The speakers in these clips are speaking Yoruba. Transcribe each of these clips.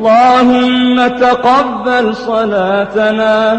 اللهم تقبل صلاتنا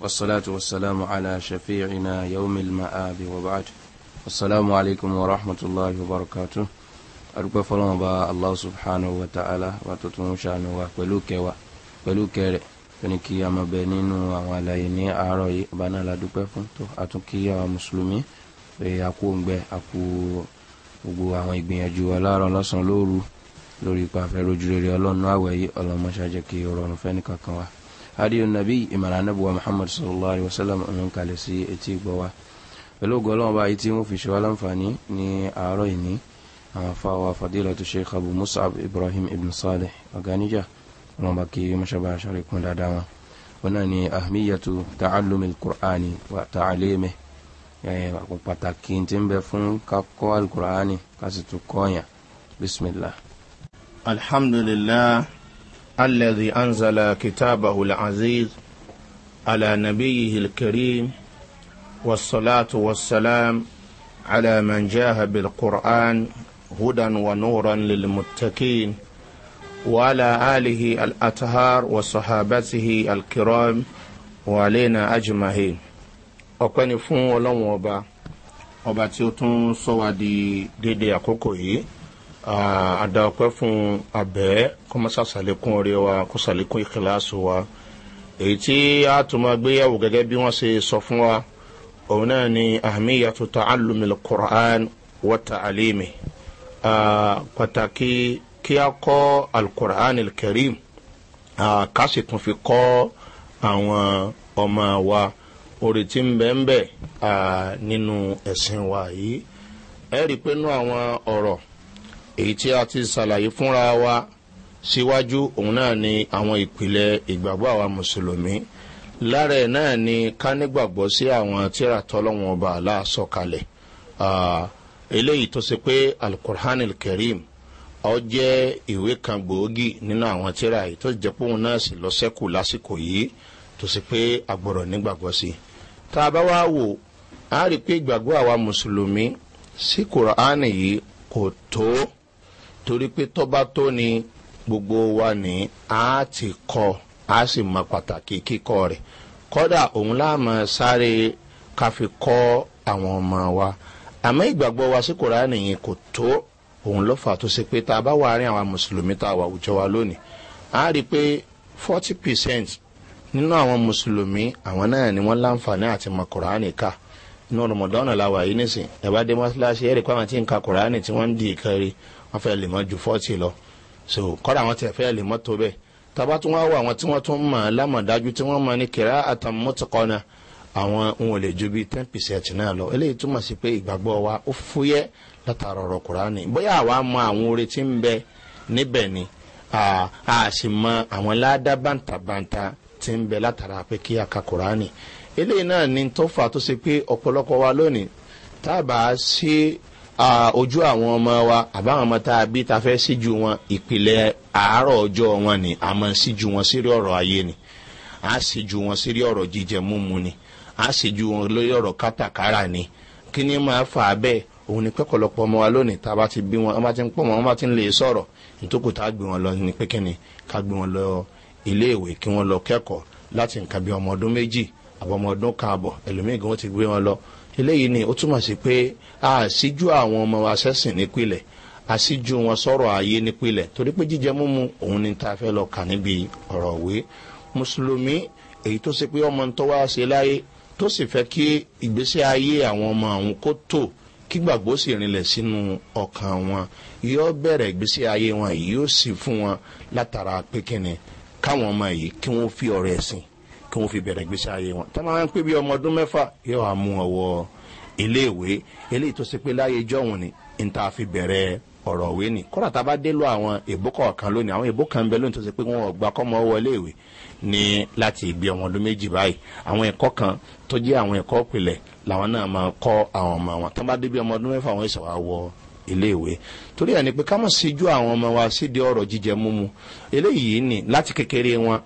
والصلاة والسلام على شفيعنا يوم المآب وبعد السلام عليكم ورحمة الله وبركاته أرجو فلان با الله سبحانه وتعالى وتتمو شأنه وقلوك وقلوك ẹni kí a máa bẹ nínú àwọn àlàyé ní àárọ̀ yìí ọba náà la dúpẹ́ fún tó àtún kí àwọn mùsùlùmí pé àkú òǹgbẹ àkú gbogbo àwọn ìgbìyànjú wa láàárọ̀ lọ́sàn-án lóru lórí ipa fẹ́ rojú rere ọlọ́run àwẹ̀ yìí ọlọ́mọṣájẹ́ kí ọrọ̀ ọ̀run fẹ́ nìkan kan wa hadiyu nabi ìmọ̀ràn anábùwà muhammad sallallahu alayhi wa sallam ọ̀nà kalẹ̀ sí etí gbọ́ wa pẹ̀lú gọ́lọ́wọ́ báyìí tí wọ́n fi ṣe wá láǹfààní ní àárọ̀ ìní àwọn afáwà fadílà tó ṣe kàbù musab ibrahim ibn saleh ọ̀gáníjà wọn bá kí mọ́ṣábà ṣàríkún dáadáa wọn wọn náà ni ahmiyatu ta'allumi al-qur'ani wa ta'alimi pàtàkì tí ń bẹ fún kakọ́ al kásìtú kọ́ọ̀yàn bismillah alhamdulillah الذي أنزل كتابه العزيز على نبيه الكريم والصلاة والسلام على من جاه بالقرآن هدى ونورا للمتقين وعلى آله الأطهار وصحابته الكرام وعلينا أجمعين ọpẹ́ ni fún وبا ọba ọba tí ó tún àdàpẹ́ fún abẹ́ kọ́mọ́sá sàlékún ọ̀rẹ́ wa kó sàlékún ìkìláàsì wa èyí tí a tún máa gbéyàwó gẹ́gẹ́ bí wọ́n ṣe sọ fún wa òun náà ni ahmiya tó alumil quran wata alimi pàtàkì kí a kọ́ alukur'an karim ká sì tún fi kọ́ àwọn ọmọ wa orí tí ń bẹ́ẹ̀ bẹ́ẹ̀ nínú ẹ̀sìn wa yìí ẹ̀rí pé nú àwọn ọ̀rọ̀ èyí tí a ti ṣàlàyé fúnra wa síwájú òun náà ni àwọn ìpìlẹ̀ ìgbàgbọ́ àwa mùsùlùmí lára ẹ̀ náà ni ká nígbàgbọ́ sí àwọn tíra tọ́lọ́wọ́n ọba aláàsọ̀kalẹ̀ eléyìí tó ṣe pé alukur'an kẹrim ọ jẹ́ ìwé kan gbòógì nínú àwọn tíra yìí tó jẹ́ pé òun náà sì lọ sẹ́kù lásìkò yìí tó ṣe pé agbọ̀rọ̀ nígbàgbọ́ sí i tá a bá wá wò á rí i pé ìgbàgbọ́ àwa mùsùlùmí sí kùránì yìí kò tó torí pé tọ́ba tó ni gbogbo wa ní a ti kọ́ a sì mọ pàtàkì kíkọ́ rẹ̀ kọ́dà òun láàmú sáré ká fi kọ́ àwọn ọmọ wa àmọ́ ìgbàgbọ́ wa sí kòránì yìí kò tó òun ló fà tó ṣe pé tá a bá wà rí àwọn mùsùlùmí tá a wà àwùjọ wa lónìí a rí i pé forty percent nínú àwọn mùsùlùmí àwọn náà ni wọ́n láǹfààní àti mọ kòránì ká inú rọmọdọ́nà la wà yìí nísìn ẹ̀ bá dé mọ́ṣáláṣí ẹ̀rí pé àwọn tí ń ka kòránì tí wọ́n ń di ìkẹrì wọ́n fẹ́ lè mọ́ ju fọ́ọ̀tì lọ so kọ́ra àwọn tẹ̀ fẹ́ lè mọ́ tó bẹ́ẹ̀ tàbá tún wá wọ àwọn tí wọ́n tún mọ̀ lámọ̀dájú tí wọ́n mọ̀ ní kẹrẹ́ àtàmọ́tòkọ́nà àwọn òun ò ju bíi ten percent náà lọ eléyìí túmọ̀ sí pé ìgbàgbọ́ wa ó fúyẹ́ látara ọ̀rọ̀ kùránì bóyá àwa mọ àwọn oore tí ń bẹ níbẹ̀ ni a sì mọ àwọn ládá bàǹtàbàǹtà tí ń bẹ látara pé kí a ka kùránì eléyìí náà ni tó fà tó ṣe pé ọ̀pọ̀lọpọ̀ wa lónìí tábà sí ojú àwọn ọmọ wa àbáwọn ọmọ tá a bí ta fẹ́ síjú wọn ìpìlẹ̀ àárọ̀ ọjọ́ wọn ni a máa síjú wọn sírí ọ̀rọ̀ ayé ni a síjú wọn sírí ọ̀rọ̀ jíjẹ múmu ni a síjú wọn lórí ọ̀rọ̀ kátàkárà ni kí ni máa fà á bẹ́ẹ̀ òun ni pẹ́kọ̀lọpọ̀ ọmọ wa lónìí tá a bá ti bí wọn wọ́n bá ti ń pọ̀ wọn wọ́n bá ti ń lè sọ̀rọ̀ nítòkù tá a gbé wọn lọ ni pé kí ká gbé wọn lọ iléèwé kí wọ́n lọ kẹ́kọ̀ọ́ láti nǹkan bí ọmọ ọdún méjì àbọ̀ ọdún kan ẹlòmíì gan ti gbé wọn lọ eléyìí ni ó túmọ̀ sí pé àṣíjú àwọn ọmọ wa sẹ́sìn nípìnlẹ̀ àṣíjú wọn sọ̀rọ̀ ayé nípìnlẹ̀ torí pé jíjẹ múmu òun ni ta fẹ́ lọ kà níbi ọ̀rọ̀ òwe mùsùlùmí èyí tó ṣe pé ọmọ ń tọ́wọ́ ṣe láyé tó sì fẹ́ kí ìgbésí ayé àwọn ọmọ àwọn kó tò kí gbàgbó sì rinlẹ̀ sínú ọkàn wọn yóò bẹ̀rẹ̀ ìgbésí ayé wọn yóò sì fún wọn látara pé kíni káwọn ọmọ yìí kí wọ́n fi ọ̀rọ̀ ẹ̀sìn kí wọ́n fi bẹ̀rẹ̀ gbèsè ayé wọn tá a máa ń pè bí ọmọ ọdún mẹ́fà yóò wá mú ọwọ́ iléèwé eléyìí tó ṣe pé láyé jọ̀hún ni n ta fi bẹ̀rẹ̀ ọ̀rọ̀ òwe ni kọ́ra tá a bá dé lọ àwọn èbó kọ̀ọ̀kan lónìí àwọn èbó kan ń bẹ lónìí tó ṣe pé wọ́n gba kọ́mọ ọwọ́ iléèwé ní láti ibi ọmọ ọdún méjì báyìí àwọn ẹ̀kọ́ kan tó jẹ́ àwọn ẹ̀kọ́ pìlẹ̀ làwọn náà máa kọ́ àwọn ọmọ wọn tó bá débi ọmọ ọdún mẹ́fà wọn ìṣàwá wọ iléèwé torí ẹni pé ká síjú àwọn ọmọ wa sídìí ọ̀rọ̀ jíjẹ múmu eléyìí ni láti kékeré wọn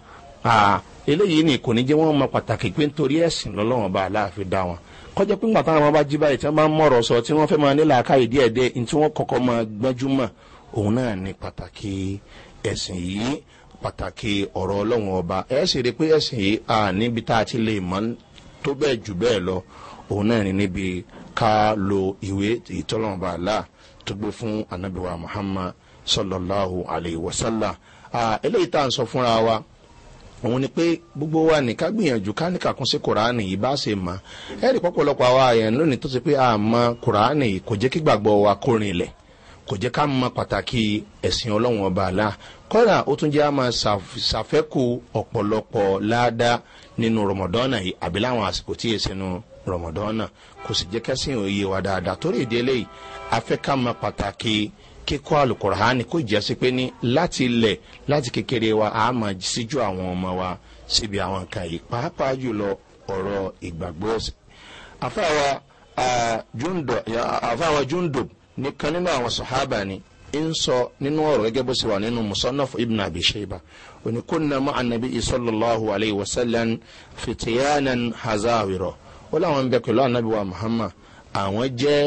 eléyìí ni kò ní jẹ́ wọ́n mọ pàtàkì pé nítorí ẹ̀sìn lọ́lọ́wọ́n bá aláàfin dá wọn kọjá pé ńgbàtà àwọn bá jí báyìí tí wọ́n bá ń mọ̀rọ̀ sọ tí wọ́n fẹ́ máa nílà káyè díẹ̀ díẹ̀ ní tí wọ́n kọ́kọ́ máa gbọ́njú mọ̀ òun náà ni pàtàkì ẹ̀sìn yìí pàtàkì ọ̀rọ̀ ọlọ́wọ́n ọba ẹ̀ sì rí pé ẹ̀sìn yìí à níbi tá a ti lè mọ́ tó bẹ́ẹ̀ jù bẹ́ẹ̀ lọ òun náà ni níbi ká lo ìwé ìtọ́lọ́wọ́n bá àlá tó gbé fún anabiwa muhammad sallallahu alayhi wa sallam eléyìí tá à ń sọ fúnra wa òun ni pé gbogbo wa ní ká gbìyànjú ká ní kàkún sí kùránì yìí bá ṣe mọ ẹ rí pọpọlọpọ àwa àyàn lónìí tó ṣe pé àmọ kùránì kò jẹ kí gbàgbọ wa kó rinlẹ kò jẹ ká mọ pàtàkì ẹsìn ọlọrun ọba àlá kọ́ra ó tún jẹ́ àmọ́ ṣàfẹ́kù ọ̀pọ̀lọpọ̀ ládàá nínú rọmọdọ́nà yìí àbí láwọn àsìkò tí èsì nu rọmọdọ́nà kò sì jẹ́ kẹ́sìn òye wa dáadáa torí ìdí eléyìí afẹ́ká mọ pàtàkì kíkọ́ alukur'ani kó jẹ́ sí pé ní láti ilẹ̀ láti kékeré wa a máa síjú àwọn ọmọ wa síbi àwọn nǹkan yìí pàápàá jùlọ ọ̀rọ̀ ìgbàgbọ́ ọ̀sẹ̀. àfàwà àfàwà júndò nìkan nínú àwọn sọ̀hábà ni ń sọ nínú ọ̀rọ̀ gẹ́gẹ́ bó ṣe wà nínú musonaf ibn abi sheba oníkunna anabi isallallahu alayhi wa sallam fitiyanan hazawiro ó láwọn ń bẹ pẹ̀lú anabi wa muhammad àwọn jẹ́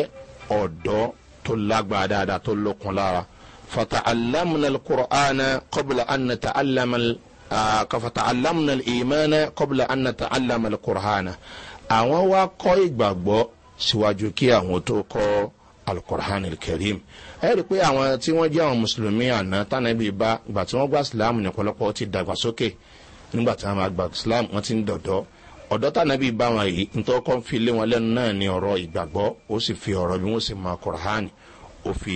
ọ̀dọ́ tó lágbàá dáadáa tó lókun lára fata alamuna alukur'ana kọbla anna ta alamuna kọfata alamuna imana kọbla anna ta alamuna alukur'ana àwọn wa kọ́ ìgbàgbọ́ síwájú kí àwọn tó kọ́ alukur'an kareem ẹ rí i pé àwọn tí wọ́n jẹ́ àwọn mùsùlùmí àná tánàbí bá ìgbà tí gba islam ní ọ̀pọ̀lọpọ̀ ti dàgbàsókè nígbà tí wọ́n gba islam wọ́n ti ń dọ̀dọ́ ọ̀dọ́ tànàbí bá wọn yìí nítorí kọ́ fi lé wọn lẹ́nu náà ní ọ̀rọ̀ ìgbàgbọ́ ó sì fi ọ̀rọ̀ bí wọ́n sì máa kọ̀rọ̀hánì ó fi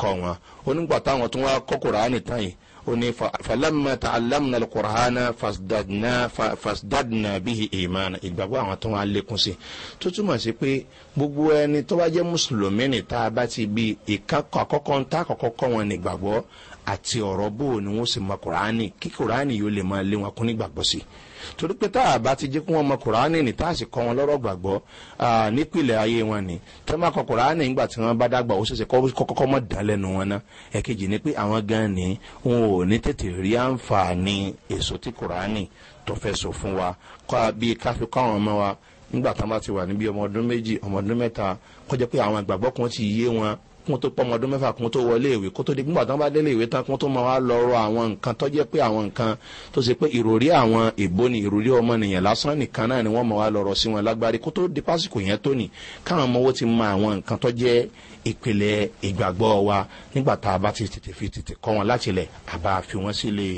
kọ́ wọn onígbà táwọn tó wá kọ́ kọ̀rọ̀hánì tán yìí ó ní falama ta'alamna kọ̀rọ̀hánà fasdadna bihi imana ìgbàgbọ́ àwọn tó wá lékún sí tó túmọ̀ sí pé gbogbo ẹni tó bá jẹ́ mùsùlùmí ni tá a bá ti bí ìkákọ̀ àkọ́kọ́ ń tá àkọ́kọ́ kọ́ wọn ní ìgbàgbọ́ àti ọ̀rọ̀ bó ni wọ́n sì mọ kọ̀rọ̀hánì kí kọ̀rọ̀hánì yóò torí pé tá a bá ti jẹ́ kí wọ́n mọ kùránì ní tá a sì kọ́ wọn lọ́rọ̀ gbàgbọ́ nípìnlẹ̀ ayé wọn ni tẹ́ máa kọ kùránì nígbà tí wọ́n bá dàgbà ó ṣẹ̀ṣẹ̀ kọ́kọ́ mọ̀ dán lẹ́nu wọn ná ẹ̀kejì ni pé àwọn gan ni wọn ò ní tètè rí àǹfààní èso tí kùránì tó fẹ́ so fún wa bíi káfí kọ́ àwọn ọmọ wa nígbà tá a bá ti wà kún tó pọmọ ọdún mẹ́fà kún tó wọlé ìwé kó tó di gbígbà tó ń bá délé ìwé tán kún tó máa wá lọ rọ àwọn nǹkan tó jẹ́ pé àwọn nǹkan tó ṣe pé ìròrí àwọn èbó ni ìròrí ọmọnìyàn lásán nìkan náà ni wọ́n máa wá lọ rọ sí wọn lágbárí kó tó di pásìkò yẹn tó nì káwọn ọmọ owó ti mọ àwọn nǹkan tó jẹ́ ìpìlẹ̀ ìgbàgbọ́ wa nígbà tá a bá ti tètè fi tètè kọ́ wọn láti lẹ̀ àbá fi wọ́n sílé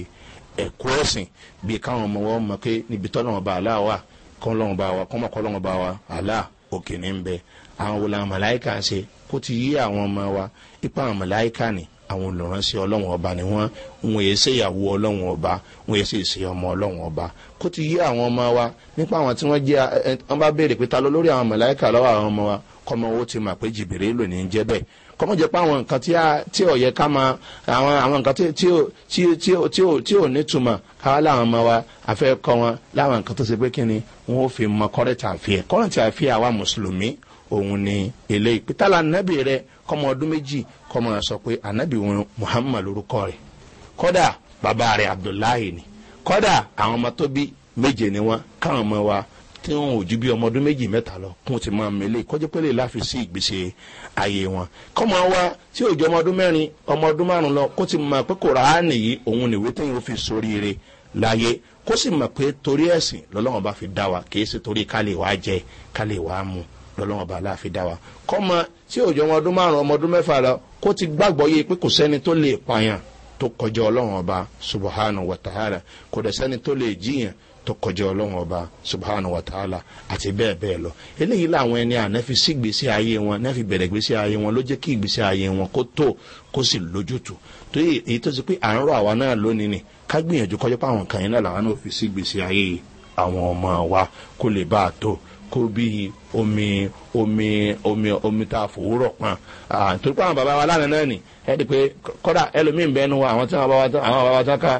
ẹ̀kọ́ ẹ̀sìn bíi káwọn ọmọ wọn mọ̀ pé níbi tọ́lọ́wọ́n bá àlá wà kọ́ lọ́wọ́n bá wà kọ́ mọ̀ kọ́ lọ́wọ́n bá wà àlá òkè ní ń bẹ́ẹ̀ àwọn wò làwọn màláìka ṣe kó ti yí àwọn ọmọ wa ipa àwọn màláìka ni àwọn olùránṣẹ́ ọlọ́run ọba ni wọ́n wọn èé ṣe ìyàwó ọlọ́run ọba wọn èé ṣe ìṣe ọmọ ọlọ́run ọba kó ti yí àwọn ọmọ wa nípa àwọn tí wọ́n jẹ́ wọ́n bá béèrè pé ta ló lórí àwọn màláìka lọ́wọ́ àwọn ọmọ wa kọ́mọ owó ti mà pé jìbìrì lò ní jẹ́ bẹ́ẹ̀ kọ́mọ jẹ́ pé àwọn nǹkan tí ò yẹ ká máa àwọn àwọn nǹkan tí ò nítumọ̀ káwá láwọn ọmọ wa àfẹ́ kọ́ wọn láwọn nǹkan tó ṣe pé kí ni wọ́n fi mọ kọ́rẹ́tà àfihàn kọ́rẹ́tà àfihàn àwa mùsùlùmí òun ni eléyìí pé tálà ànábì rẹ kọ́mọ ọdún méjì kọ́mọ sọ pé ànábì wọn muhammad lorúkọ rẹ kọ́dà bàbá rẹ abdullahi ni kọ́dà àwọn ọmọ tó bí méje ni wọn káwọn ọmọ wa tí wọn ò ju bí ọmọ ọdún méjì mẹ́ta lọ kún ti máa mele kọjú pé lè láfi sí ìgbésẹ ayé wọn kọ́mọ wa tí ò ju ọmọ ọdún mẹ́rin ọmọ ọdún márùn lọ kó ti mọ̀ pé kò rà á nìyí òun nìwé téyìn ó fi soríire láyé kó sì mọ̀ pé torí ẹ̀sìn lọ́lọ́wọ́n bá fi dá wa kì í ṣe torí ká lè wá jẹ ká lè wá mu lọ́lọ́wọ́n bá aláàfin dá wa kọ́mọ tí òjò ọmọ ọdún márùn ọmọ ọdún mẹ́fà lọ kó ti gbàgbọ́ yé pé kò sẹ́ni tó lè pààyàn tó kọjá ọlọ́wọ́n ọba subahana wàtàhálà kò dẹ̀ sẹ́ni tó lè jiyàn tó kọjá ọlọ́wọ́n ọba subahana wàtàhálà àti bẹ́ẹ̀ bẹ́ẹ̀ lọ eléyìí làwọn ẹni àná fi sí gbèsè ayé wọn náà bẹ̀rẹ̀ gbèsè ayé wọn ló jẹ́ kí gbèsè ayé wọn kó tó kó sì lójútù tó èyí ni ká gbìyànjú kọjá pé àwọn kan yẹn náà làwọn náà fi sí wa kó tó kó bí omi omi omi omi tá a fòwúrọ̀ pọn torí pé àwọn bàbá wa lánàá náà nì ẹ di pé kọ́dà ẹlòmíín bẹ́ẹ̀nu wa àwọn tí wọ́n bá wa àwọn bàbá tán ká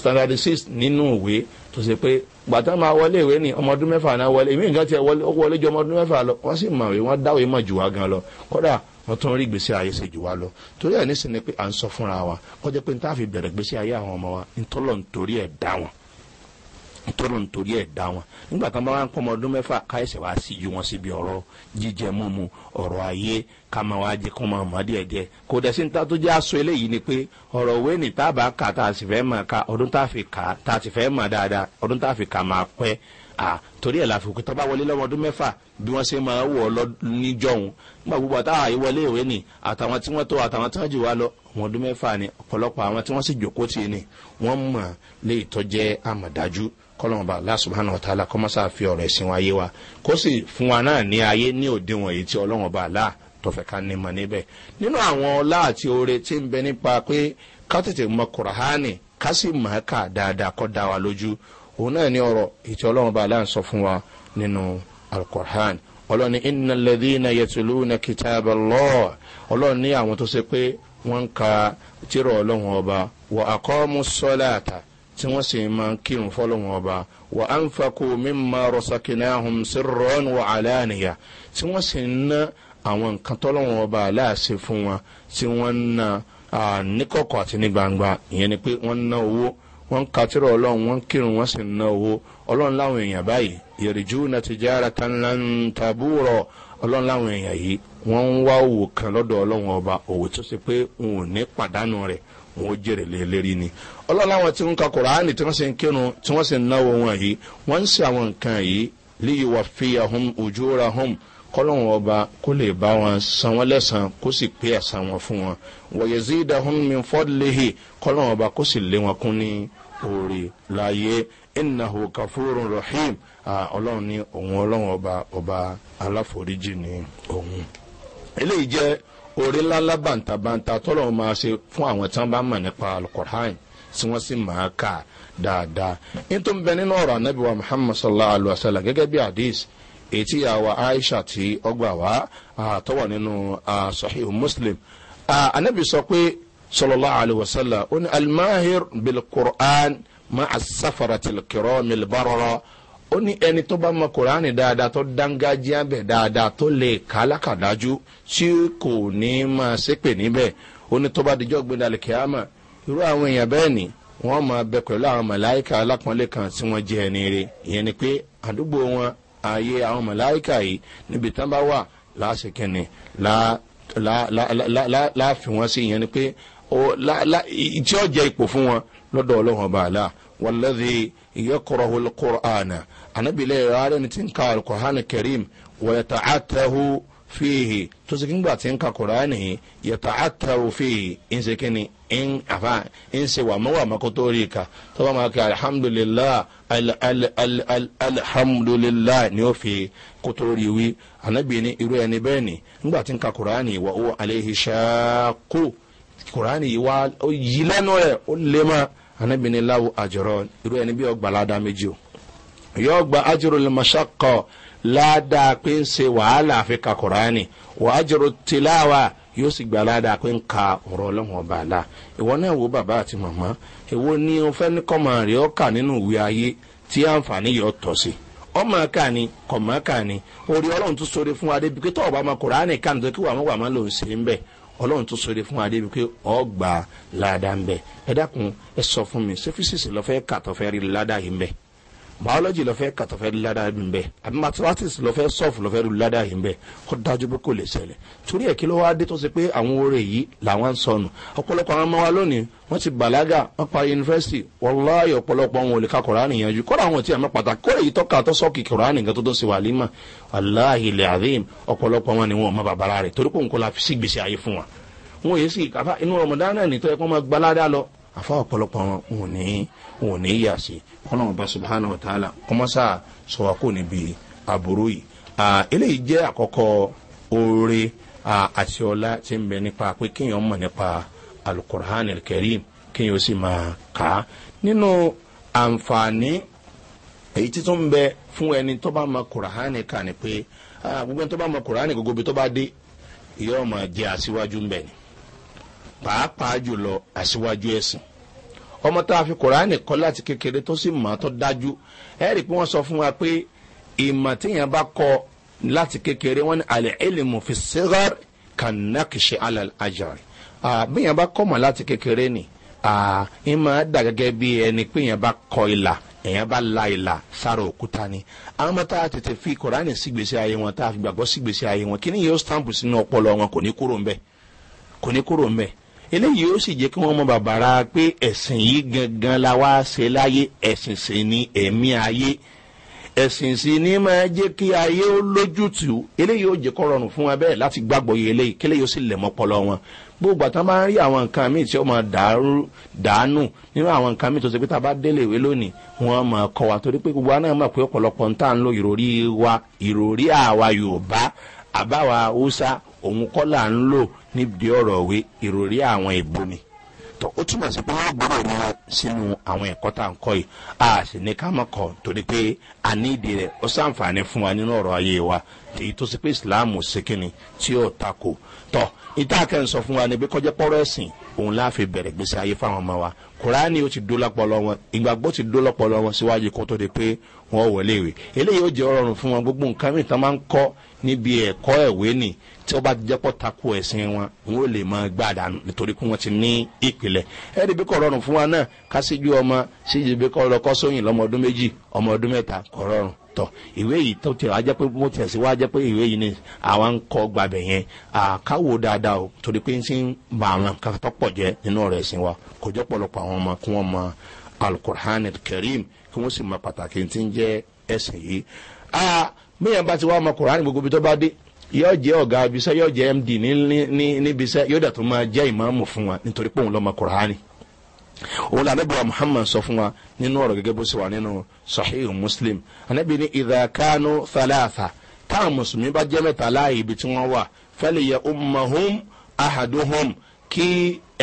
standard six nínú ìwé tó ṣe pé gbàtà máa wọlé ìwé ni ọmọ ọdún mẹ́fà náà wọlé ìwé nǹkan tiẹ̀ wọlé ju ọmọ ọdún mẹ́fà lọ wọ́n sì mọ̀ wọ́n dáwọ́ ìmọ̀ jù wá gan lọ kọ́dà wọn tún rí gbèsè ayé ṣe jù wá lọ torí ẹ̀ nísìnyí pé à ń sọ fúnra wa kọjá pé n táà fi bẹ̀rẹ̀ gbèsè ayé àwọn ọmọ wa ń tọ́lọ̀ nítorí ẹ̀ dá wọn tóró nítorí ẹ̀ dá wọn nígbà kan bá wá ń pọ́n ọmọ ọdún mẹ́fà ká ẹ̀sẹ̀ wá sí ju wọn síbi ọ̀rọ̀ jíjẹ mímu ọ̀rọ̀ ayé ká máa wá jẹ kó máa mọ̀ díẹ̀ díẹ̀ kò dẹ̀ sí tó jẹ́ aṣọ eléyìí ni pé ọ̀rọ̀ òwe ní tá a bá kà tá a sì fẹ́ mọ̀ ká ọdún tá a fi kà tá a sì fẹ́ mọ̀ dáadáa ọdún tá a fi kà máa pẹ́ à torí ẹ̀ la fi kútọ́ bá wọlé lọ́mọdún mẹ́fà bí wọ́n ṣe máa wọ̀ ọ́ níjọ́hún nígbà gbogbo àtàwọn àyè ìwé ni àtàwọn tí wọ́n tó àtàwọn tí wọ́n jù wá lọ àwọn ọdún mẹ́fà ni ọ̀pọ̀lọpọ̀ àwọn tí wọ́n sì jòkó tì ní wọ́n mọ̀ lè tọ́jẹ́ àmọ̀dájú kọlọmọba allah subhanahu wa ta'ala kọ́ mọ́sá fi ọ̀rọ̀ ẹ̀sìn wa yé wa kó sì fún wa náà ní ayé ní òde wọ̀nyí tí ọlọ́mọba allah tọ̀fẹ́ ká ní ma níbẹ̀ nínú àwọn ọlá àti oore tí ń bẹ nípa pé ká tètè mọ kùràhánì ká sì mọ̀ ẹ́ kà dáadáa kọ́ da wa lójú òun náà ní ọ̀rọ̀ ìtì ọlọ́mọba allah ń sọ fún wa nínú alukọ̀rán ọlọ́ni iná lẹ́dínà yẹtùlú na kìtàbà lọ́ ọlọ́ni ní àwọn tó ṣe pé wọ́n ń ka tírọ̀ ọlọ́run ọba wọ akọ́mú sọ́láàtà tí wọ́n sì máa ń kírun fọ́lọ́wọn ọba wà á ń fakó mímọ rọ́sàkínà ahùn sí rọ́ọ̀nù wà aláàníyà tí wọ́n sì ń ná àwọn nǹkan tọ́lọ́wọn ọba aláàṣẹ fún wọn tí wọ́n ń na níkọ̀kọ̀ àti ní gbangba ìyẹn ni pé wọ́n ń ná owó wọ́n ń katírọ̀ ọlọ́run wọ́n ń kírun wọ́n sì ń ná owó ọlọ́run láwọn èèyàn báyìí ìrìjú náà ti jẹ́ ara tán láǹtàbúrọ̀ ọlọ́run láwọn èèyàn yìí wọ́n ń wá òwò kan lọ́dọ̀ ọlọ́run ọba òwò tó ṣe pé òun ò ní pàdánù rẹ̀ wọn ó jèrè lérí ni ọlọ́run àwọn tí ń ka kuraani tí wọ́n sì ń kírun tí wọ́n sì ń náwó wọn yìí wọ́n ń ṣe àwọn nǹkan yìí líyìí wà fìyà hum ojúra hum kọ́lọ́hún ọba kó lè bá wọn san wọn lẹ́sàn kó sì pé ẹ̀sán wọn fún wọn wọ̀yẹ̀zí dahun mi fọ́dúléhe kọ́lọ́hún ọba kó sì lé wọn kún ní orí láàyè ìnáwó kàfúrò rahim ọlọ́run ní òun ọlọ́run ọba ọba aláforíjì ní òun eléyìí jẹ́ orí ńláńlá bàǹtàbàǹtà tọ́lọ̀ máa ṣe fún àwọn tí wọ́n bá mọ̀ nípa alukur'an tí wọ́n sì máa kà dáadáa. n tó ń bẹ nínú ọ̀rọ̀ anabi wa muhammad sallallahu alayhi wa sallam gẹ́gẹ́ bí hadith ètí àwa aisha tí ọgbà wá àtọ́wọ̀ nínú sahih muslim anabi sọ pé sallallahu alayhi wa sallam ó ní almahir bilkur'an ma'a safaratil kiramil barara ó ní ẹni tó bá mọ kòránì dáadáa tó dángájíá bẹ̀ dáadáa tó lè ká lákàdájú tí kò ní máa ṣépè níbẹ̀ ó ní tó bá dijọ́ gbẹdàlẹ̀ kíámà irú àwọn èèyàn bẹ́ẹ̀ ni wọ́n máa bẹ pẹ̀lú àwọn mọ̀láìkà alápọ̀nlé kan tí wọ́n jẹ́ ẹni rè ìyẹn ni pé àdúgbò wọn ààyè àwọn mọ̀láìkà yìí níbi tán bá wà láṣekẹ́ni láàfin wọn sí ìyẹn ni pé tí ó jẹ́ ipò fún wọn lọ́dọ̀ ọlọ́run ọba àlà wọ́n lẹ́dí ìyẹ́kọ̀rọ̀ anábìlẹ̀ ẹ̀rọ arẹni ti ń ka alukọ̀hánì kẹrìm wọ̀yẹ̀tà àtẹ̀hù fíhì tó sì kí ngbà tí ń ka kùránì yìí yẹ̀tà àtẹ̀hù fíhì ń ṣe kí ni ń àfa ń ṣe wàmúwàmú kó tó rí ka tó bá máa kí alihamudulilayi alihamudulilayi ni ó fi kó tó rí i wí ni ngbà tí ń ka kùránì wà ó aleyhi ṣáàkó kùránì yìí wá yìí lẹ́nu rẹ̀ ó lé mọ́ anábìlẹ̀ láwù àjọrọ̀ irú ẹni bí ọgbàlá dá o yóò gba ajuru lmasakọ ládàá pé ń ṣe wàhálà àfi ka kuraani wà ajuru tilawa yóò sì gba ládàá pé ka ọ̀rọ̀ ọlọ́run ọba àlá ìwọ náà wo bàbá àti màmá ìwọ ni o fẹ́ ní kọ́mọ rẹ̀ ọ́ kà nínú ìwé ayé tí àǹfààní yóò tọ́ sí ọmọ ká ni kọ̀mọ ká ni orí ọlọ́run tún sọ̀rọ̀ fún wa débi pé tọ́wọ́ bá ma kuraani ká nítorí kí wàá mọ̀ wàá má lò ń ṣe ń bẹ̀ ọlọ́run tó sọ̀rọ̀ fún adébí pé ọgbà ládàá ń bẹ̀ ẹ dákun ẹ sọ fún mi ṣé fíṣíìsì lọ́fẹ́ kàtọ́fẹ́ rí ládàá yìí ń bẹ̀ biology lọ fẹ́ kàtọ́ fẹ́ ládàá yìí bẹ́ẹ̀ àbí mathematics lọ fẹ́ sọ́ọ̀fù lọ fẹ́ ládàá yìí bẹ́ẹ̀ kó dájú pé kò lè ṣẹlẹ̀ torí ẹ̀ kí ló wá dé tó ṣe wa lónìí wọ́n ti bàlágà wọ́n parí yunifásitì wọ́láyé ọ̀pọ̀lọpọ̀ wọn ò lè ka kùránì yanjú kódà àwọn tí a mọ̀ pàtàkì kódà yìí tọ́ka tó sọ́ọ̀kì kùránì nǹkan tó tó ṣe wà límà aláhi ilẹ̀ àdéhìm ọ̀pọ̀lọpọ̀ wọn ni wọn mọ bàbára rẹ̀ torí pé òun kò la fi sí gbèsè ayé fún wa. wọn yéé sì káfá inú rọmọdánù ẹ̀ nìtọ́ àfa ọ̀pọ̀lọpọ̀ wọn ò ní ò ní yà sí ọlọ́run bá subahana wa ta'ala kọ́mọ́sá sọ̀wákò níbi àbúrò yìí eléyìí jẹ́ àkọ́kọ́ oore àti ọlá ti ń bẹ nípa pé kéèyàn mọ̀ nípa alukur'an kẹrim kéèyàn sì máa kà á nínú àǹfààní èyí títún bẹ fún ẹni tó bá mọ kur'an kà ní pé gbogbo ẹni tó bá mọ kur'an gbogbo ibi tó bá dé yóò máa jẹ àṣìwájú ń bẹ ni pàápàá jùlọ aṣíwájú ẹ̀sìn ọmọ tá a fi kòránì kọ́ láti kékeré tó sì mọ̀ tó dájú ẹ rí i pé wọ́n sọ fún wa pé ìmọ̀ téèyàn bá kọ láti kékeré wọn ni àlẹ́ ẹlẹ́mù fi ṣẹ́gàr kànákìṣe alẹ́ àjàr bíyàn bá kọ́ mọ̀ láti kékeré ni ìmọ̀ dà gẹ́gẹ́ bí ẹni pé yẹn bá kọ ìlà èèyàn bá la ìlà sára òkúta ni àwọn ọmọ tá a tètè fi kòránì sígbèsè ayé wọn tá a fi gbàgbọ́ sígbèsè ayé wọn kí ni yóò stamp sínú ọpọlọ wọn kò ní kúrò ń kò ní kúrò mbẹ eléyìí ó sì jẹ́ kí wọ́n mọ bàbàrà pé ẹ̀sìn yìí gangan la wá ṣe láyé ẹ̀sìn sì ni ẹ̀mí ayé ẹ̀sìn sì ni máa jẹ́ kí ayé ó lójútùú eléyìí ó jẹ́ kọ́ rọrùn fún wa bẹ́ẹ̀ láti gbàgbọ́ yìí eléyìí kí eléyìí ó sì lẹ̀ mọ́pọ́lọ́ wọn gbogbo àtàn máa ń rí àwọn nǹkan míì tí ó máa dàánù nínú àwọn nǹkan míì tó ṣe pé tá a bá délé ìwé lónìí wọn máa kọ wa torí pé gbogbo wa náà mọ̀ pé ọ̀pọ̀lọpọ̀ ń tà ń lo ìròrí wa ìròrí àwa yorùbá àbáwa hausa òun kọ́ là ń lò níbi ọ̀rọ̀ òwe ìròrí àwọn ìbò ni tó ó túmọ̀ sí pé wọ́n gbúrò ní wọn sínú àwọn ẹ̀kọ́ tá à ń kọ́ yìí a sì ní ká mọ̀ kọ́ torí pé a ní ìdí rẹ̀ ó sàǹfààní fún wa nínú ọ̀rọ̀ ayé wa èyí tó ṣe pé ìsìláàmù ṣèkínni tí ó takò tọ́ ìta akẹ́yìn sọ fún wa ni pé kọjá pọ́rọ́ ẹ̀sìn òun láàfin bẹ̀rẹ̀ gbèsè ayé fáwọn ọmọ wa kùránì ó ti dó lọ́pọ̀lọ́ wọn ìgbàgbọ́ ti dó lọ́pọ̀lọ́ wọn síwájú kó tó di pé wọ́n wọlé ìwé eléyìí ó jẹ́ ọ̀rọ̀rùn fún wọn gbogbo nǹkan mìíràn máa ń kọ́ níbi ẹ̀kọ́ ẹ̀wé nì tí wọ́n bá jẹ́ pọ̀ takò ẹ̀sìn wọn wọn ò lè mọ gbà dànù nítorí pé wọ́n ti ní ìpìlẹ̀ ẹ̀rí bí kò rọrùn fún wa náà ká síjú ọmọ síjú bí kò lọ kọ́ sóyìn lọ́mọ ọdún méjì ọmọ ọdún mẹ́ta kò rọrùn tọ̀ ìwé yìí tó tiẹ̀ wá jẹ́ pé mo tẹ̀sí wá pé ìwé yìí ni àwa ń kọ́ gbàbẹ̀ yẹn àkáwò dáadáa o torí pé ń sì ń jẹ́ ẹ̀sìn yìí míyàn bá ti wá ọmọ kùránì gbogbo ibi tó bá dé yóò jẹ́ ọ̀gá ibiṣẹ́ yóò jẹ́ md níbiṣẹ́ yóò dẹ̀ tó máa jẹ́ ìmáàmù fún wa nítorí pé òun lọ́mọ kùránì òun lànà bọ̀ muhammad sọ fún wa nínú ọ̀rọ̀ gẹ́gẹ́ bó ṣe wà nínú sahih muslim anabi ní ìdàkánu thalatha táwọn mùsùlùmí bá jẹ́ mẹ́ta láàyè ibi tí wọ́n wà fẹ́lẹ̀ yẹ umahum ahaduhum kí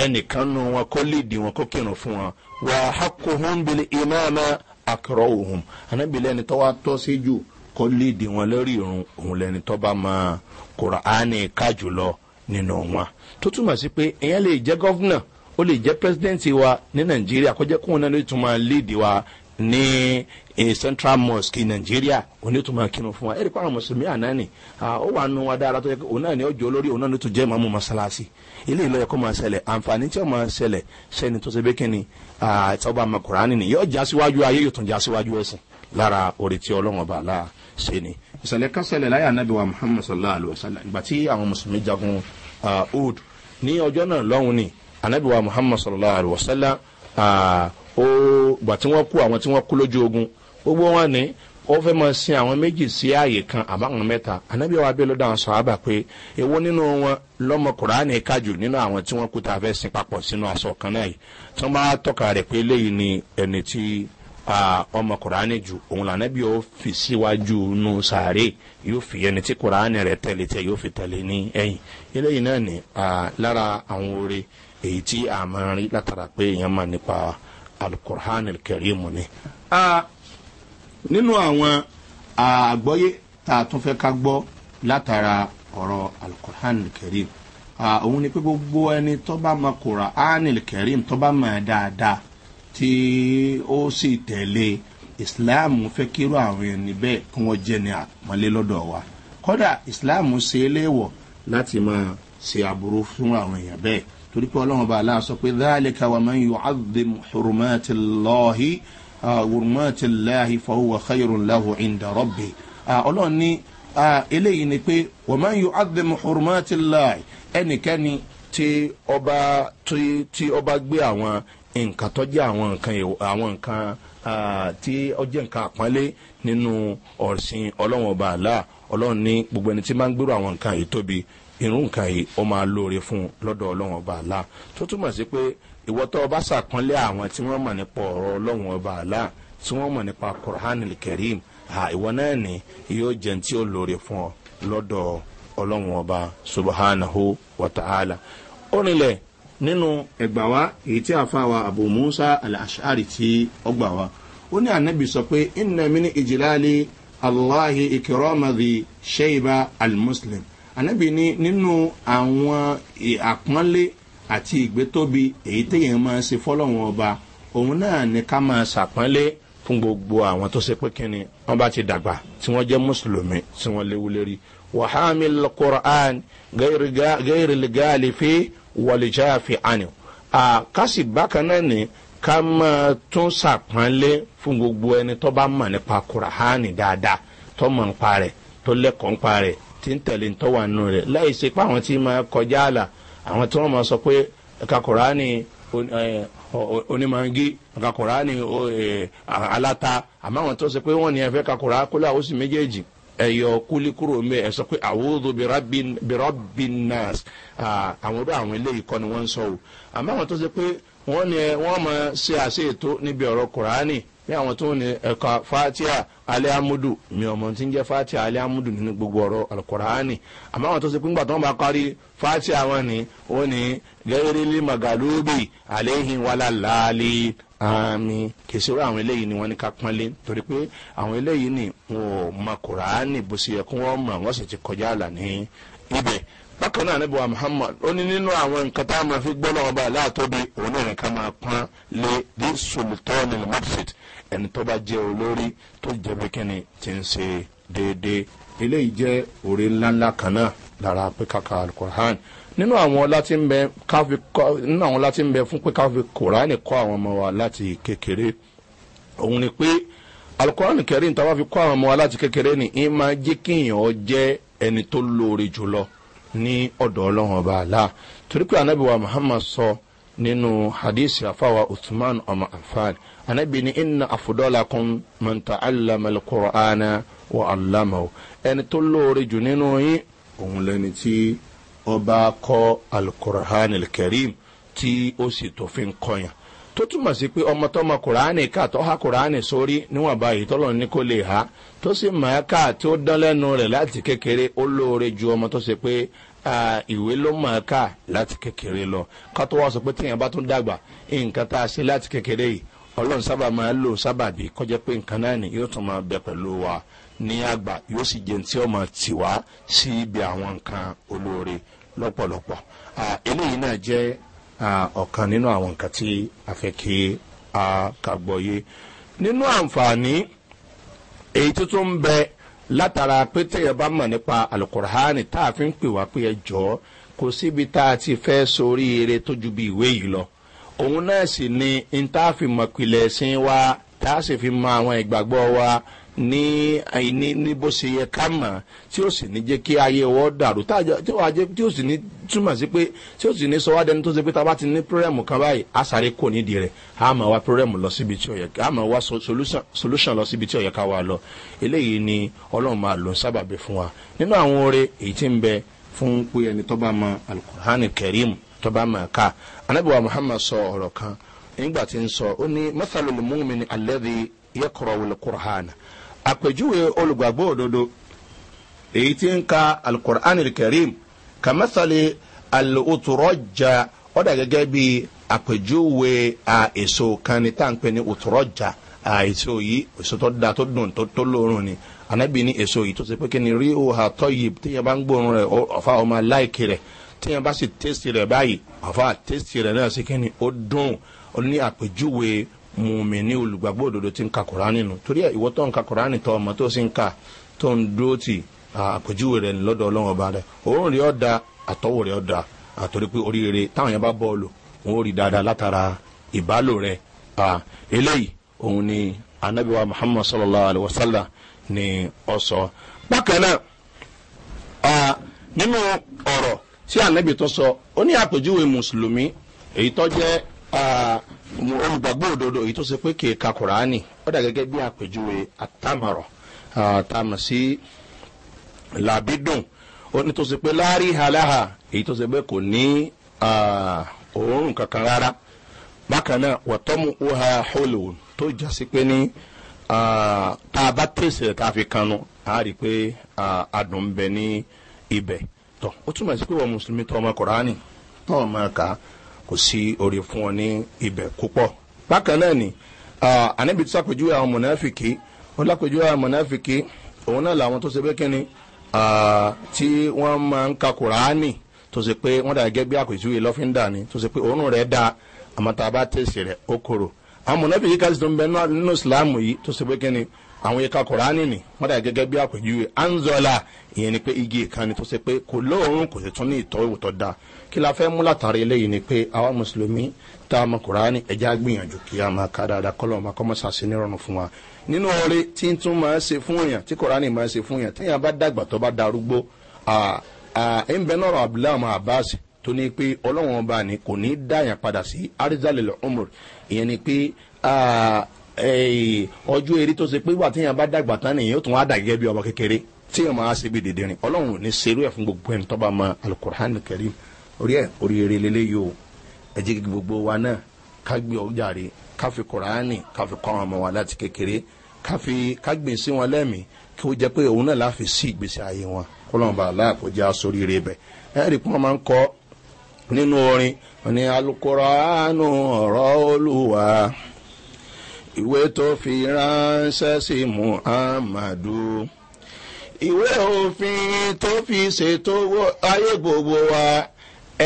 ẹnìkan nu wọn kó léèdì wọn kó kírun fún wọn wàá hakuhum bil imama akọrọ òhun anabi lẹ́ni tọ́wọ́ tọ́ sí jù kọ́ léde wọn lórí irun òun lẹni tó bá máa kùránì ká jùlọ nínú wọn tó túmọ̀ sí pé èèyàn lè jẹ́ gọ́vnà ó lè jẹ́ pírẹsidẹ́ǹtì wa ní nàìjíríà kọjá kóun náà lè tún máa léde wa ní eh, central mosque nàìjíríà onítùmọ̀ kírun fún wa ẹ̀rí pàrọ̀ mùsùlùmí ànáni ó wà nù wa dára tó yẹ kó òun náà ní ọjọ́ olórí òun náà ní tó jẹ́ ìmọ̀mú mọ́sálásí ilé ìlọ́yẹ kó máa ṣẹlẹ̀ àǹfààní tí ó máa ṣẹlẹ̀ sẹ́ni tó ṣe bẹ́kẹ́ni àtọ́ba mọ̀kùránì ni yóò já síwájú ayé yóò tún já síwájú ẹ̀sìn lára orí tí ọlọ́run ọba aláà ṣe ni ìṣẹ̀lẹ̀ kásẹ̀lẹ̀ láyà anábì wa muhammad sallallahu alayhi wa sallam ìgbà tí àwọn mùsùlùmí jagun old ní ọjọ́ náà lọ́hùn ni anábì wa muhammad sallallahu alayhi wa sallam ó gbà tí wọ́n kú àwọn tí wọ́n kú lójú ogun gbogbo wọn ni ó fẹ́ mọ sin àwọn méjì sí ààyè kan àbáwọn mẹ́ta anábì wa bẹ́ẹ̀ lọ́dọ̀ àwọn sọ̀hábà pé èwo nínú wọn lọ́mọ kùránì kájù nínú àwọn tí wọ́n kú tá a fẹ́ sin papọ̀ sínú aṣọ kan náà yìí tí wọ́n bá tọ́ka rẹ̀ pé eléyìí ni ẹni tí ọmọ kùránì ju, òun lànà bí ó fi síwájú nù sàárè yóò fi ẹni tí kùránì rẹ tẹ̀lé tẹ̀ yóò fi tẹ̀lé ní ẹ̀yìn eléyìí náà ni lára àwọn oore èyí tí a máa rí látara pé èèyàn máa nípa alukur'an kẹrìmù ni. nínú àwọn àgbọ́yé tá a tún fẹ́ ká gbọ́ látara ọ̀rọ̀ alukur'an kẹrìmù òun ni pé gbogbo ẹni tó bá mọ kùránì kẹrìmù tó bá mọ̀ dáadáa tí ó sì tẹ̀lé islam fẹ́ kíró àwọn ẹni bẹ́ẹ̀ kí wọ́n jẹ́ ní àpọ́nlé lọ́dọ̀ wa kódà islam ṣe é léèwọ̀ láti máa ṣe àbúrò fún àwọn èèyàn bẹ́ẹ̀ torí pé ọlọ́run bá aláà sọ pé dáàlíkà wà máa ń yọ àdìm hurumati lọ́hí hurumati láhi fọwọ́ khayrun láhùn ìndà ọlọ́run ní eléyìí ni pé wà máa ń yọ àdìm hurumati láhi ẹnikẹ́ni tí ọba gbé àwọn nǹkan tọ́jú àwọn nǹkan àwọn nǹkan tí ó jẹ́ nǹkan àpọ́nlé nínú ọ̀sìn ọlọ́run ọba àlá ọlọ́run ní gbogbo ẹni tí máa ń gbèrò àwọn nǹkan yìí tóbi irun nǹkan yìí ó máa lóore fún un lọ́dọ̀ ọlọ́run ọba àlá tó túmọ̀ sí pé ìwọ́ tó ọba ṣàpọ́nlé àwọn tí wọ́n mọ̀ nípa ọ̀rọ̀ ọlọ́run ọba àlá tí wọ́n mọ̀ nípa kùránì kẹrìm ìwọ náà ni yóò jẹun tí ó lóore fún ọ lọ́dọ̀ ọlọ́run ọba subahánahu wàtàhálà ó nílẹ̀ nínú ẹgbà wa èyí tí a fa wa abu musa al-ashari tí ó gbà wa ó ní ànábì sọ pé iná mi ní ìjìláàlì allahi ikiromadi sheiba al-muslim ànábì ní nínú àwọn àpọ́nlé àti ìgbétóbi èyí téèyàn máa ń se fọ́lọ́wọ́n ọba òun náà ní ká máa ṣàpọ́nlé fún gbogbo àwọn tó ṣe pé kíni wọn bá ti dàgbà tí wọn jẹ mùsùlùmí tí wọn léwu lérí wàhámi al-qur'an gẹ́rì wọlìjà àfi àní kásì bákan náà ni ká máa tún sàpọ́nlé fún gbogbo ẹni tó bá mọ̀ nípa kùràhánì dáadáa tó mọ̀ nípa rẹ̀ tó lẹ́kọ̀ọ́ nípa rẹ̀ tí ń tẹ̀lé ń tọ́wà nù rẹ̀ láì ṣe pé àwọn tí máa kọjá àlà àwọn tí wọ́n máa sọ pé ẹ̀ka kùràhánì onímọ̀ngí ẹ̀ka kùràhánì aláta àmọ́ àwọn tó ṣe pé wọ́n ní ẹ̀fẹ́ ẹ̀ka kùràhánì kólé àwọn sì méjèèjì ẹ̀yọ kúlí kúrò mẹ́ ẹ̀ sọ pé àwòrán bìrọ́bìn nas àwọn ọdún àwọn eléyìí kọ́ ni wọ́n ń sọ o àmọ́ àwọn tó ṣe pé wọ́n ní wọ́n mọ̀ ṣe àṣẹ ètò níbi ọ̀rọ̀ kùránì bí àwọn tó ní ẹ̀ka fatia alẹ́ amudu mi ọmọ tí ń jẹ́ fatia alẹ́ amudu nínú gbogbo ọ̀rọ̀ alukurani àmọ́ àwọn tó ṣe pé ńgbà tó ń bá parí fatia wọn ni ó ní gẹ́gẹ́ lé magalubi alẹ́hìn àmì kèsìrò àwọn eléyìí ni wọ́n ní ká pọ́nlé torí pé àwọn eléyìí ni wọn ò mọ kùránì bó ṣe yẹ kí wọ́n mọ̀ wọ́n sì ti kọjá àlà ní bákan náà níbo muhammad ó ní nínú àwọn nǹkan tá a máa fi gbọ́dọ̀ ọba aláàtọ́bi òun náà nìkan máa pọ́n lé ní sultan al-mufsit ẹni tó bá jẹ́ olórí tó jẹ́ pé kíni ti ń ṣe déédéé eléyìí jẹ́ òrè ńláńlá kan náà lára pé kàkà alukur'an nínú àwọn ọlá tí ń bẹ káfí kọ nínú àwọn ọlá tí ń bẹ fún pé káfí kùránì kọ àwọn ọmọ wa láti kékeré òun ni pé alukóránì kẹrin tá a bá fi kọ àwọn ọmọ wa láti kékeré ni ẹ máa jẹ kéèyàn jẹ ẹni tó lóore jùlọ ní ọ̀dọ̀ ọlọ́run ọba àlá torí pé anábìwá muhammad sọ nínú hadisi afawa usman ọmọ afaan anábì ní ina afudọ́lakun mọ̀ntà alamalukura ana wa alama ẹni tó lóore jù nínú yín òun lẹni tí ọba kọ alukur'an kareem tí ó sì tó fi ń kọyàn tó túmọ̀ sí pé ọmọ tọmọ kùránì ká tó ha kùránì sórí níwọ̀n báyìí tọ́lọ̀ ní kó lè ha tó sì mọ̀ ẹ́ ká tí ó dán lẹ́nu rẹ̀ láti kékeré ó lóore ju ọmọ tó ṣe pé ìwé ló mọ̀ ẹ́ ká láti kékeré lọ ká tó wá sọ pé téèyàn bá tún dàgbà nǹkan tá a ṣe láti kékeré yìí ọlọ́run sábà máa ń lò sábàbí kọjá pé nǹkan náà ni yóò tún máa bẹ pẹ̀lú wa ní àgbà yóò sì jẹ́ tí ọmọ tiwa sí ibi àwọn nǹkan olóore lọ́pọ̀lọpọ̀ eléyìí náà jẹ́ ọ̀kan nínú àwọn nǹkan tí a fẹ́ kí a kàgbọ́yé nínú àǹfààní èyí tó tún ń bẹ látara pé tẹ̀yẹ̀ bá mọ̀ nípa alukur'ani tá a fi ń pè wá pé ẹ jọ kò síbi tá a ti fẹ́ sórí eré tó ju bí ìwé yìí lọ òun náà sì ni n tá a fi mọ̀ pilẹ̀ sí wa tá a sì fi mọ àwọn ìgbàgbọ́ wa ní àìní ní bó ṣe yẹ ká mọ̀ tí ó sì ní jẹ́ kí ayé wọ́ dàrú tí ó sì ní túmọ̀ sí pé tí ó sì ní sọ wá dẹni tó ṣe pé ta bá ti ní pírẹ́mù kan báyìí á sáré kò nídìí rẹ̀ á mọ̀ wá pírẹ́mù lọ síbi tí ó yẹ á mọ̀ wá solution lọ síbi tí ó yẹ ká wá lọ eléyìí ni ọlọ́run máa lò sábàbí fún wa nínú àwọn oore èyí tí ń bẹ fún pé ẹni tó mọ alukur'an kẹrìm tó bá ká anábìwá muhammad sọ ọ̀rọ̀ kan nígbà tí ń sọ ó ní mọ́sálùmí mú mi ní alẹ́ yẹ kọ̀rọ̀ wọlé kúrò hánà àpèjúwe olùgbàgbọ́ òdodo èyí tí ń ka alukur'an kẹrim kàmẹ́sàlì alùtùrọ̀jà ọ̀dà gẹ́gẹ́ bí àpèjúwe èso kani ní tá à ń pè ní òtùrọ̀jà èso yìí èso tó da tó dùn tó tó lóorùn ni ànábì ní èso yìí tó ṣe pé kí ni rí òhà tọ́ yìí téèyàn bá ń gbóòórùn rẹ̀ ọ̀fà ọmọ aláìkè rẹ̀ téèyàn bá sì tẹ́sì rẹ̀ báyìí ọ̀fà tẹ́sì rẹ̀ náà ṣe kí ni ó dùn ó ní àpèjúwe mu ní olùgbàgbọ́ òdodo ti nka ka kùránì nù torí ìwọ tó ń ka kùránì tọ ọmọ tó sì ń ka tó ń dúró tì àpèjúwe rẹ lọ́dọ̀ ọlọ́run ọba rẹ òórùn rẹ ọ̀dà àtọ́wò rẹ ọ̀dà àtòrí pé oríire táwọn yẹn bá bọ́ọ̀lù wọn ò rí dáadáa látara ìbálò rẹ eléyìí òun ni anabiwa muhammad sallallahu alaihi wa ni ọ anabi tó sọ ó ní àpèjúwe mùsùlùmí èyí olùgbàgbọ́ òdodo èyí tó ṣe pé kì í ka kùránì ó dà gẹ́gẹ́ bí àpèjúwe àtàmọ̀rọ̀ tàmọ̀ sí làbídùn ó ní tó ṣe pé láàrí aláha èyí tó ṣe pé kò ní òórùn kankan rárá bákan náà wọ́tọ́mù uha hollywood tó já sí pé ní tá a bá tẹ̀sí rẹ̀ tá a fi kanu a rí i pé adùn ń bẹ ní ibẹ̀ tó ó túmọ̀ sí pé wọ́n mùsùlùmí tọ́ ọmọ kùránì tọ́ ọmọ kàá kò sí orí fún ọ ní ibẹ̀ púpọ̀. bákan náà ni ànábì tó sàpèjúwe àwọn mọ̀nàfìkì ó lápèjúwe àwọn mọ̀nàfìkì òun náà làwọn tó ṣe pé kínni tí wọ́n máa ń ka kùránì tó ṣe pé wọ́n dà gẹ́gẹ́ bí àpèjúwe lọ́fíńdà ni tó ṣe pé òórùn rẹ̀ da àmọ́ bá tẹ̀sí rẹ̀ ó korò. àwọn mọ̀nàfìkì káṣí ń bẹ nínú ìsìlámù yìí tó ṣe pé kínni àwọn ìka kùránì ni wọ́n dà gẹ́gẹ́ bí àpèjúwe anzola ìyẹn ni pé igi ìkànnì tó ṣe pé kò lóorun kò sì tún ní ìtọ́ ìwòtọ́ da kí la fẹ́ mú látàrí eléyìí ni pé àwa mùsùlùmí tá a mọ kùránì ẹ̀já gbìyànjú kí a máa ka dáadáa kọ́ lọ́wọ́ máa kọ́ mọ́sá sí nírọ̀rùn fún wa nínú oore tí ń tún máa ṣe fún èèyàn tí kùránì máa ṣe fún èèyàn téèyàn bá dàgbà tó bá darúgbó ẹ̀ńbẹ́nọ̀rọ̀ ọjọ́ eré tó ṣe pé wà téèyàn bá dàgbà tán nìyẹn ó tún wá dàgẹ́ bí ọmọ kékeré téèyàn máa ṣe bí dèdèrìn ọlọ́run ní serú ẹ̀ fún gbogbo ẹni tọ́ba ma alukur'an kẹrí orí ẹ̀ orí eré lélẹ́ yìí o ẹ jẹ́ kí gbogbo wa náà ká gbé ọjà rè ká fi kur'ani ká fi kọ́ àwọn ọmọ wa láti kékeré ká fi ká gbìn sí wọn lẹ́mìí kí ó jẹ́ pé òun náà láfi sí ìgbésí ayé wọn kọ́lọ́run ìwé tó fi ránṣẹ́ sí muhammadu ìwé òfin tó fi ṣètò ayé gbogbo wa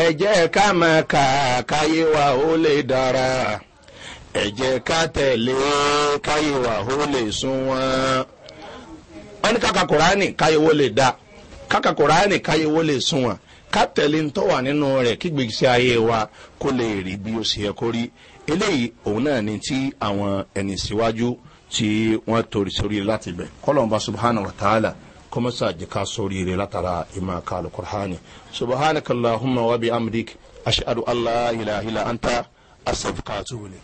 ẹ̀jẹ̀ ká máa kà káyé wa ó lè dára ẹ̀jẹ̀ ká tẹ̀lé káyé wa ó lè sún wọn. wọ́n ní káka kùránì káyé wo lè dá káka kùránì káyé wo lè sún wọn ká tẹ̀lé ń tọ́wà nínú rẹ̀ kí gbèsè ayé wa kó lè rí bí ó ṣe yẹ kó rí eléyìí òun náà ni tí àwọn ẹni síwájú tí wọ́n torí sórí láti bẹ̀ kọ́lọ́mùbá subhanahu wa ta'ala kọ́mọ́sá jìká sórí rẹ̀ látara ìmọ̀ kàlù kùrhánì subhanahu kàlàhùmà wa bi amdik ashadu allah ilahila anta asafukatu wuli.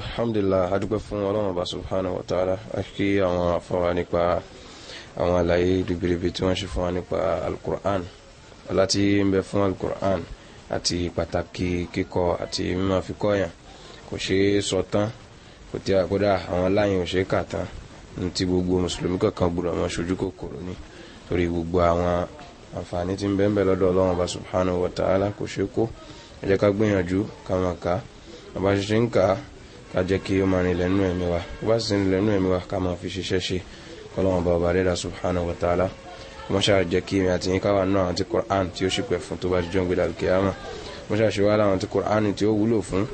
alhamdulilah adúgbò fún ọlọ́mùbá subhanahu wa ta'ala àti àwọn afọwà nípa àwọn àlàyé ribiribi tí wọ́n ṣe fún wa nípa alukur'an ọlá ń bẹ fún alukur'an àti pàtàkì kíkọ àti mímọ́ fi kọ́yàn kò ṣe é sọ tán kò tí a kódà àwọn láyìn ò ṣe é kà tán ní ti gbogbo mùsùlùmí kankan gbúdọ̀ wọn ṣojú kòkòrò ni torí gbogbo àwọn àǹfààní tí ń bẹ́ẹ̀ bẹ́ẹ̀ lọ́dọ̀ ọlọ́run ọba subhana wa ta'ala kò ṣe kó ẹ ká gbìyànjú ká máa kà á ṣiṣẹ́ ń kà á ká jẹ́ kí ó máa rìnlẹ̀ nínú ẹ̀mí wa bó bá sì ń nínú ẹ̀mí wa ká máa fi ṣiṣẹ́ ṣe ọlọ́run ọba ọba rẹ̀ dà wa ta'ala mọ́ṣáà jẹ́ kí mi àti yín káwà náà àwọn tí quran tí ó ṣìpẹ̀ fún tó bá jíjọ́ ń gbé dàlùkẹ́ àmà mọ́ṣáà ṣe wá láwọn tí quran tí ó wúlò fún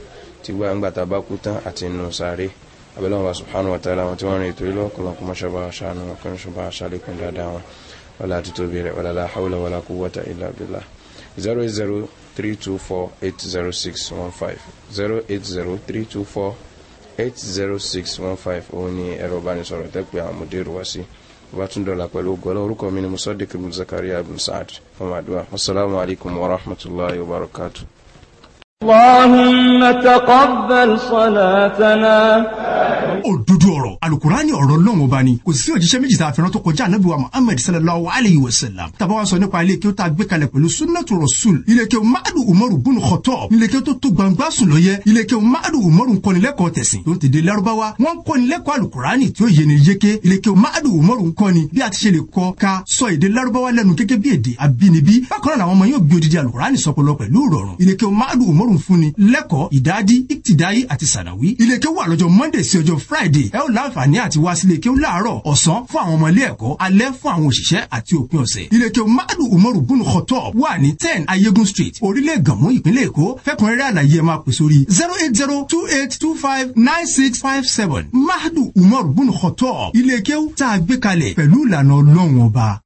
ti gbà ń gbà tá a bá kú tán àti inú sáré abẹ́lẹ́wọ̀n bá subhanahu wa ta'ala wọn tí wọ́n rìn ètò ìlú ọ̀kọ̀lọ́kọ̀ mọ́ṣáà bá aṣáánu wọn kọ́ni ṣùgbọ́n aṣáálẹ̀kùn dáadáa wọn wọlá títóbi rẹ̀ wọlá láhàúlà wọlá kú wọ́tà ilà bílà 08032480615 08032480615 òun ni ẹ̀rọ ìbánisọ̀rọ̀ tẹ́pẹ́ àwọn mòdèrú wá sí 08032480615 bá tún dọ̀la pẹ̀lú gọ́lọ́ orúkọ mi ni musadik ibn zakaria ibn sa'ad fama adua wasalaamu alaykum wa rahmatulahi wa barakatu. اللهم تقبل صلاتنا òdodo ọ̀rọ̀ alukurani ọ̀rọ̀ lọ́wọ́n bá ni kò sí òjíṣẹ́ méjì tá a fẹ́ràn tó kọjá anabi wa muhammed sallallahu alayhi wa sallam tàbá wa sọ nípa ilé kí ó gbé kalẹ̀ pẹ̀lú sunnatu rasul ilé kí o madu umaru bunu kọtọ ilé kí o tó tó gbangba sùn lọ yẹ ilé kí o madu umaru nkọnilẹ́kọ̀ọ́ tẹ̀sìn tó ń tẹ̀dé larubawa wọn kọnilẹ́kọ̀ọ́ alukurani tí ó yé ni yéke ilé madu umaru nkọni bí a ti ṣe lè kọ ka sọ èdè larubawa lẹnu gẹ́gẹ́ bí èdè abínibí bákan náà àwọn yóò gbé odidi alukurani sọpọlọ pẹ̀lú ìrọ̀rùn ilé kí madu umaru fúnni lẹ́kọ̀ọ́ ìdádi ìtìdáyé àti sànàwí ilé kí o wà lọ́jọ́ monday sí ọjọ́ friday ẹ ó láǹfààní àti wá sílé kí ó láàárọ̀ ọ̀sán fún àwọn ọmọ ilé ẹ̀kọ́ alẹ́ fún àwọn òṣìṣẹ́ àti òpin ọ̀sẹ̀ ìlẹ̀kẹ̀ madu umaru bunu kọtọ wà ní ten ayégun street orílẹ̀ gànmú ìpínlẹ̀ èkó fẹ́kùnrẹ́rẹ́ àlàyé ẹ máa pè sórí zero eight zero two eight two five nine six five seven madu umaru bunu kọtọ ìlẹ̀kẹ̀ tá a gbé kalẹ̀ pẹ̀lú ìlànà ọlọ́run ọba.